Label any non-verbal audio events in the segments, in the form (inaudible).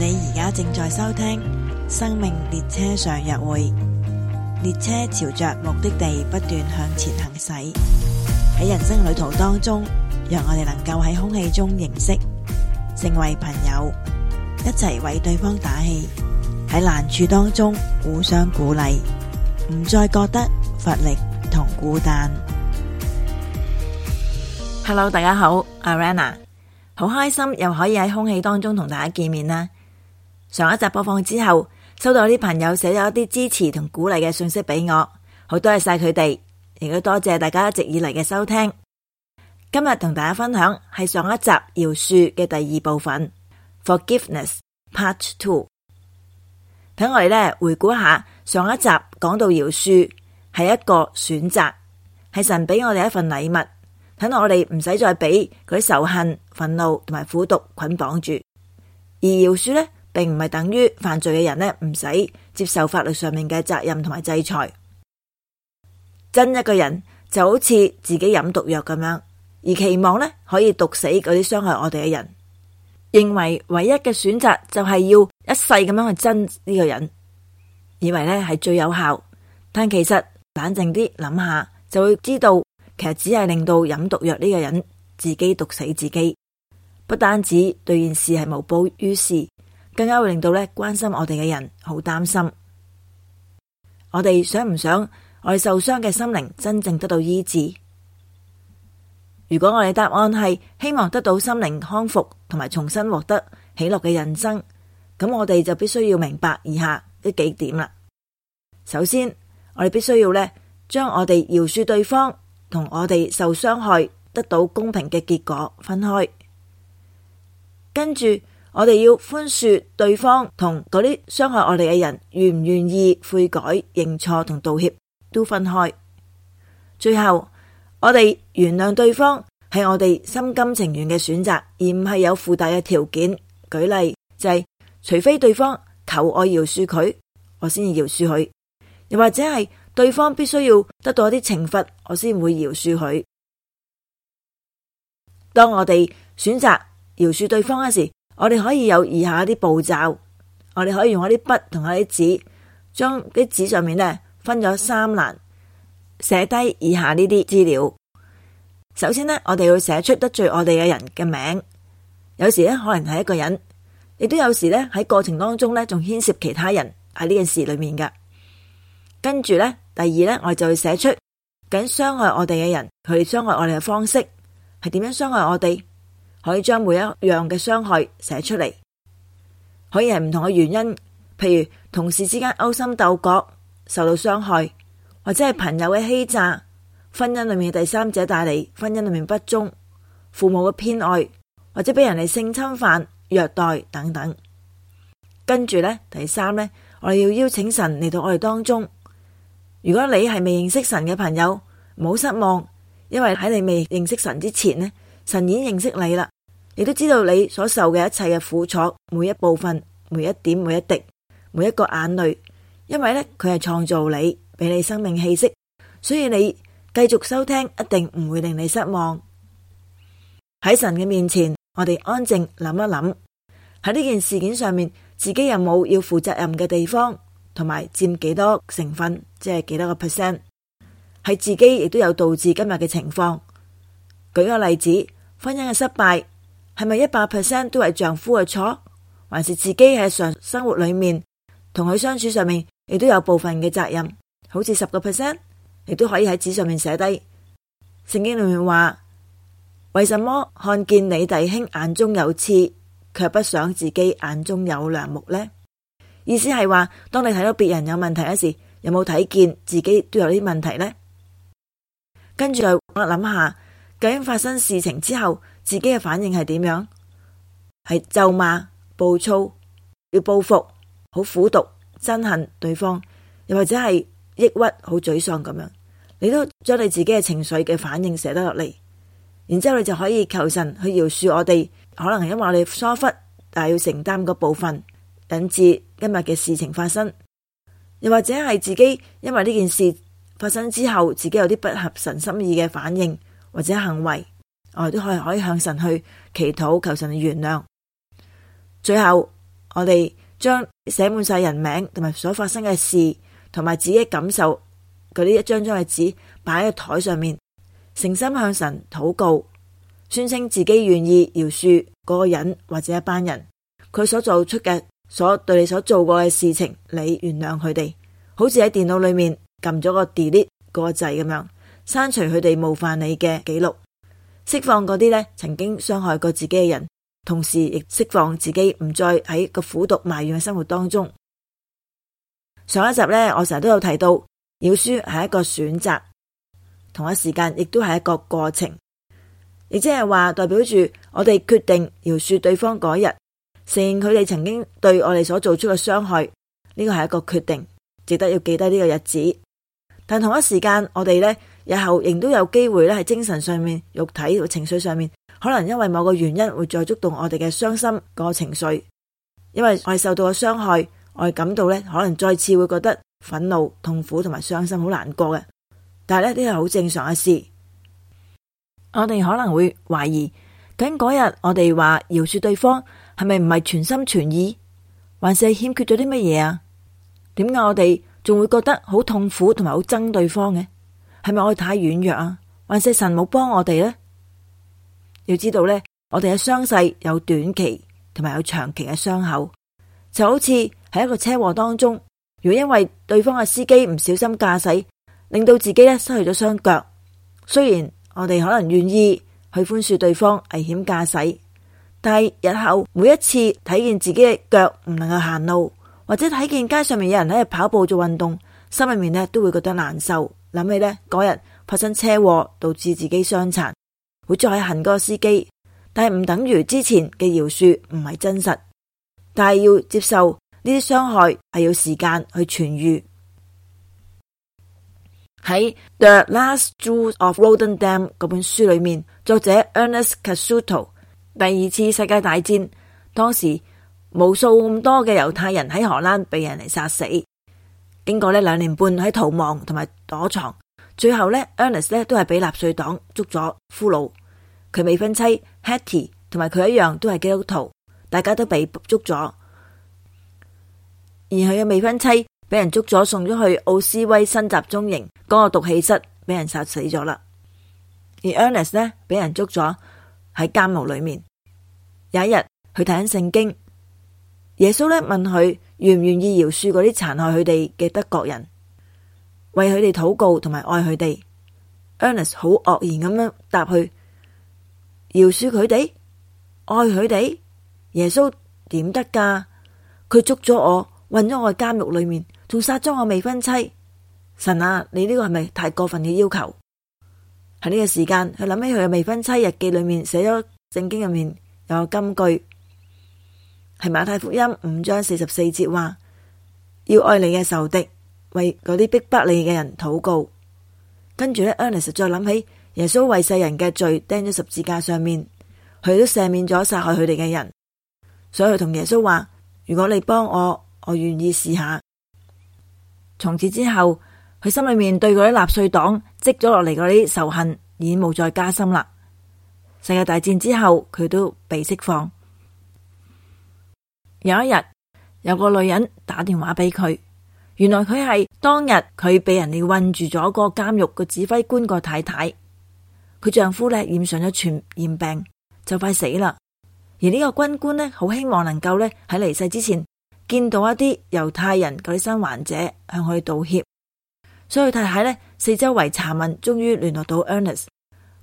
你而家正在收聽生命列車上約會，列車朝着目的地不斷向前行駛。喺人生旅途當中，讓我哋能夠喺空氣中認識，成為朋友，一齊為對方打氣。喺難處當中互相鼓勵，唔再覺得乏力同孤單。Hello，大家好，阿 Rana，好開心又可以喺空氣當中同大家見面啦。上一集播放之後，收到啲朋友寫咗一啲支持同鼓勵嘅信息俾我，好多謝晒佢哋，亦都多謝大家一直以嚟嘅收聽。今日同大家分享係上一集饒恕嘅第二部分，Forgiveness Part Two。等我哋呢，回顧下上一集講到饒恕係一個選擇，係神俾我哋一份禮物，等我哋唔使再俾佢仇恨、憤怒同埋苦毒捆綁住，而饒恕呢，並唔係等於犯罪嘅人呢，唔使接受法律上面嘅責任同埋制裁。憎一個人就好似自己飲毒藥咁樣，而期望呢可以毒死嗰啲傷害我哋嘅人,認為唯一嘅選擇就係要一世咁樣去憎呢個人，以為呢係最有效。但其實冷靜啲諗下，就會知道其實只係令到飲毒藥呢個人自己毒死自己，不單止對件事係無補於事。更加會令到咧關心我哋嘅人好擔心。我哋想唔想我哋受傷嘅心靈真正得到醫治？如果我哋答案係希望得到心靈康復同埋重新獲得喜樂嘅人生，咁我哋就必須要明白以下呢幾點啦。首先，我哋必須要咧將我哋饒恕對方同我哋受傷害得到公平嘅結果分開，跟住。我哋要寬恕對方同嗰啲傷害我哋嘅人，願唔願意悔改、認錯同道歉都分開。最後，我哋原諒對方係我哋心甘情願嘅選擇，而唔係有附帶嘅條件。舉例就係、是，除非對方求我饒恕佢，我先至饒恕佢；又或者係對方必須要得到一啲懲罰，我先會饒恕佢。當我哋選擇饒恕對方嘅時，我哋可以有以下啲步驟，我哋可以用一啲筆同一啲紙，將啲紙上面咧分咗三欄，寫低以下呢啲資料。首先咧，我哋要寫出得罪我哋嘅人嘅名，有時咧可能係一個人，亦都有時咧喺過程當中咧仲牽涉其他人喺呢件事裏面嘅。跟住咧，第二咧，我哋就會寫出緊傷害我哋嘅人，佢傷害我哋嘅方式係點樣傷害我哋。可以將每一樣嘅傷害寫出嚟，可以係唔同嘅原因，譬如同事之間勾心鬥角受到傷害，或者係朋友嘅欺詐，婚姻裏面嘅第三者帶嚟婚姻裏面不忠，父母嘅偏愛，或者俾人哋性侵犯、虐待等等。跟住呢，第三呢，我哋要邀請神嚟到我哋當中。如果你係未認識神嘅朋友，唔好失望，因為喺你未認識神之前呢，神已經認識你啦，亦都知道你所受嘅一切嘅苦楚，每一部分、每一點、每一滴、每一個眼淚，因為呢，佢係創造你，俾你生命氣息，所以你繼續收聽一定唔會令你失望。喺神嘅面前，我哋安靜諗一諗，喺呢件事件上面，自己有冇要負責任嘅地方，同埋佔幾多成分，即係幾多個 percent，係自己亦都有導致今日嘅情況。舉個例子，婚姻嘅失敗係咪一百 percent 都係丈夫嘅錯，還是自己喺日常生活裏面同佢相處上面亦都有部分嘅責任，好似十個 percent，亦都可以喺紙上面寫低。聖經裏面話：為什麼看見你弟兄眼中有刺，卻不想自己眼中有梁木呢？意思係話，當你睇到別人有問題嘅時候，有冇睇見自己都有啲問題呢？跟住又諗下。究竟發生事情之後，自己嘅反應係點樣？係咒罵、暴躁、要報復、好苦毒、憎恨對方，又或者係抑鬱、好沮喪咁樣？你都將你自己嘅情緒嘅反應寫得落嚟，然之後你就可以求神去饒恕我哋，可能係因為我哋疏忽，但係要承擔個部分引致今日嘅事情發生，又或者係自己因為呢件事發生之後，自己有啲不合神心意嘅反應。或者行為，我哋都可以向神去祈禱求，求神嘅原諒。最後，我哋將寫滿晒人名同埋所發生嘅事同埋自己嘅感受嗰啲一張張嘅紙擺喺個檯上面，誠心向神禱告，宣稱自己願意饒恕嗰個人或者一班人，佢所做出嘅所對你所做過嘅事情，你原諒佢哋，好似喺電腦裏面撳咗個 delete 嗰個掣咁樣。刪除佢哋冒犯你嘅記錄，釋放嗰啲咧曾經傷害過自己嘅人，同時亦釋放自己唔再喺個苦毒埋怨嘅生活當中。上一集咧，我成日都有提到，饒恕係一個選擇，同一時間亦都係一個過程，亦即係話代表住我哋決定饒恕對方嗰日，承認佢哋曾經對我哋所做出嘅傷害，呢個係一個決定，值得要記低呢個日子。但同一時間，我哋咧。日後仍都有機會咧，喺精神上面、肉體或情緒上面，可能因為某個原因會再觸動我哋嘅傷心個情緒。因為我哋受到嘅傷害，我哋感到咧可能再次會覺得憤怒、痛苦同埋傷心，好難過嘅。但係呢啲係好正常嘅事。 (noise) 我哋可能會懷疑，究竟嗰日我哋話饒恕對方係咪唔係全心全意，還是係欠缺咗啲乜嘢啊？點解我哋仲會覺得好痛苦同埋好憎對方嘅？係咪可以太軟弱啊？還是神冇幫我哋呢？要知道呢，我哋嘅傷勢有短期同埋有長期嘅傷口，就好似喺一個車禍當中，如果因為對方嘅司機唔小心駕駛，令到自己咧失去咗雙腳。雖然我哋可能願意去寬恕對方危險駕駛，但係日後每一次睇見自己嘅腳唔能夠行路，或者睇見街上面有人喺度跑步做運動，心裏面咧都會覺得難受。諗起咧，嗰日發生車禍導致自己傷殘，會再恨嗰個司機，但係唔等於之前嘅饒恕唔係真實，但係要接受呢啲傷害係要時間去痊愈。喺 (music) 《The Last Jew of Rotterdam》嗰本書裏面，作者 Ernest Cassutto 第二次世界大戰當時無數咁多嘅猶太人喺荷蘭被人嚟殺死。經過咧兩年半喺逃亡同埋躲藏，最後呢 Ernest 咧都係俾納粹黨捉咗俘虜。佢未婚妻 Hetty 同埋佢一樣都係基督徒，大家都被捕捉咗。而佢嘅未婚妻俾人捉咗，送咗去奧斯威辛集中營嗰、那個毒氣室，俾人殺死咗啦。而 Ernest 咧俾人捉咗喺監牢裏面。有一日佢睇緊聖經，耶穌咧問佢。願唔願意饒恕嗰啲殘害佢哋嘅德國人，為佢哋禱告同埋愛佢哋？Ernest 好愕然咁樣答佢，饒恕佢哋，愛佢哋，耶穌點得噶？佢捉咗我，困咗我喺監獄裏面，仲殺咗我未婚妻。神啊，你呢個係咪太過分嘅要求？喺呢個時間，佢諗起佢嘅未婚妻日記裏面寫咗聖經入面有金句。係馬太福音五章四十四節話：要愛你嘅仇敵，為嗰啲逼迫你嘅人禱告。跟住呢，Ernest 再諗起耶穌為世人嘅罪釘咗十字架上面，佢都赦免咗殺害佢哋嘅人。所以佢同耶穌話：如果你幫我，我願意試下。從此之後，佢心裏面對嗰啲納粹黨積咗落嚟嗰啲仇恨已經冇再加深啦。世界大戰之後，佢都被釋放。有一日，有個女人打電話俾佢，原來佢係當日佢俾人哋困住咗個監獄個指揮官個太太，佢丈夫呢，染上咗傳染病就快死啦，而呢個軍官呢，好希望能夠呢，喺離世之前見到一啲猶太人嗰啲生還者，向佢道歉，所以太太呢，四周圍查問，終於聯絡到 Ernest，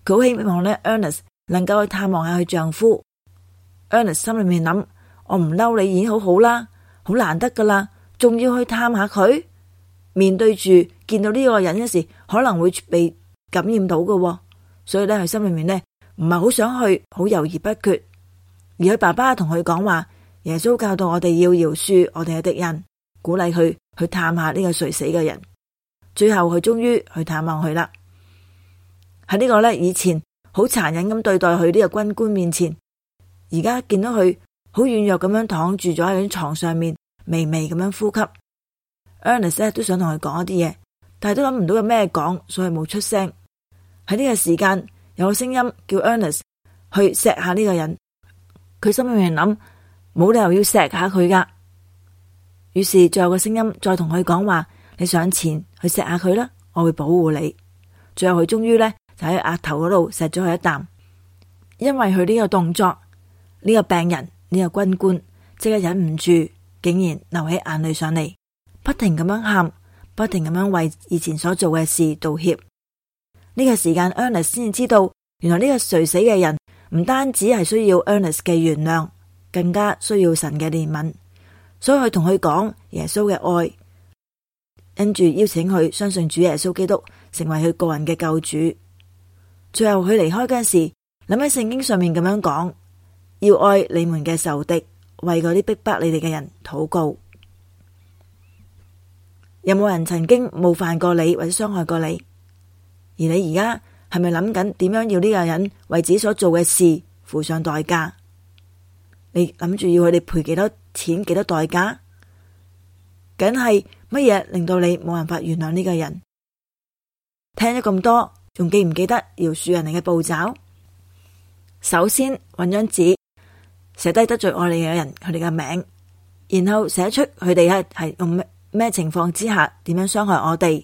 佢好希望呢，Ernest 能夠去探望下佢丈夫 (laughs) ，Ernest 心裏面諗。我唔嬲你已經好好啦，好難得噶啦，仲要去探下佢。面對住見到呢個人嘅時可能會被感染到噶、哦，所以咧，佢心裏面咧唔係好想去，好猶豫不決。而佢爸爸同佢講話，耶穌教導我哋要饒恕我哋嘅敵人，鼓勵佢去探下呢個垂死嘅人。最後佢終於去探望佢啦。喺呢個咧以前好殘忍咁對待佢呢個軍官面前，而家見到佢。好軟弱咁樣躺住咗喺張床上面，微微咁樣呼吸。Ernest 都想同佢講一啲嘢，但係都諗唔到有咩講，所以冇出聲。喺呢個時間，有個聲音叫 Ernest 去錫下呢個人。佢心裏面諗，冇理由要錫下佢㗎。於是最後個聲音再同佢講話，你上前去錫下佢啦，我會保護你。最後佢終於呢，就喺額頭嗰度錫咗佢一啖，因為佢呢個動作呢、呢個病人。呢個軍官即刻忍唔住，竟然流起眼淚上嚟，不停咁樣喊，不停咁樣為以前所做嘅事道歉。呢個時間，Ernest 先知道，原來呢個垂死嘅人唔單止係需要 Ernest 嘅原諒，更加需要神嘅憐憫。所以佢同佢講耶穌嘅愛，跟住邀請佢相信主耶穌基督成為佢個人嘅救主。最後佢離開嗰陣時，諗喺聖經上面咁樣講。要愛你們嘅仇敵，為嗰啲逼迫你哋嘅人禱告。有冇人曾經冒犯過你或者傷害過你？而你而家係咪諗緊點樣要呢個人為自己所做嘅事付上代價？你諗住要佢哋賠幾多錢、幾多代價？梗係乜嘢令到你冇辦法原諒呢個人？聽咗咁多，仲記唔記得饒恕人哋嘅步驟？首先揾張紙。寫低得罪我哋嘅人，佢哋嘅名，然後寫出佢哋係係用咩咩情況之下，點樣傷害我哋？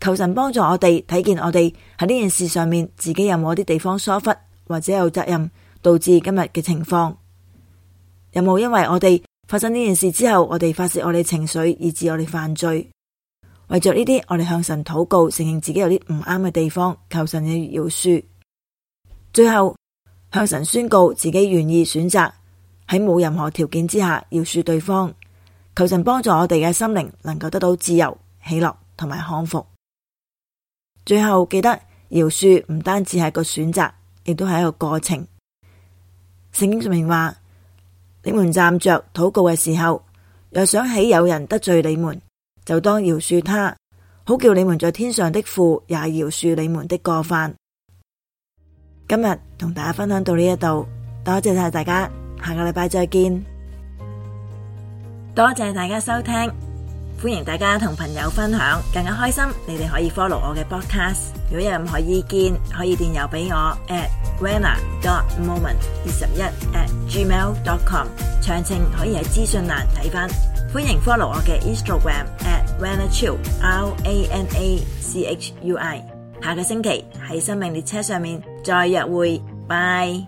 求神幫助我哋睇見我哋喺呢件事上面，自己有冇啲地方疏忽，或者有責任導致今日嘅情況？有冇因為我哋發生呢件事之後，我哋發洩我哋情緒，以致我哋犯罪？為著呢啲，我哋向神禱告，承認自己有啲唔啱嘅地方，求神嘅饒恕。最後。向神宣告自己願意選擇喺冇任何條件之下饒恕對方，求神幫助我哋嘅心靈能夠得到自由、喜樂同埋康復。最後記得饒恕唔單止係個選擇，亦都係一個過程。聖經注明話：你們站着禱告嘅時候，若想起有人得罪你們，就當饒恕他，好叫你們在天上的父也饒恕你們的過犯。今日同大家分享到呢一度，多謝晒大家，下個禮拜再見。多謝大家收聽，歡迎大家同朋友分享，更加開心。你哋可以 follow 我嘅 podcast，如果有任何意見，可以電郵俾我 at rana dot moment 二十一 at gmail dot com，詳情可以喺資訊欄睇翻。歡迎 follow 我嘅 instagram at rana chiu r a n a c h u i。下個星期喺生命列車上面再約會，拜。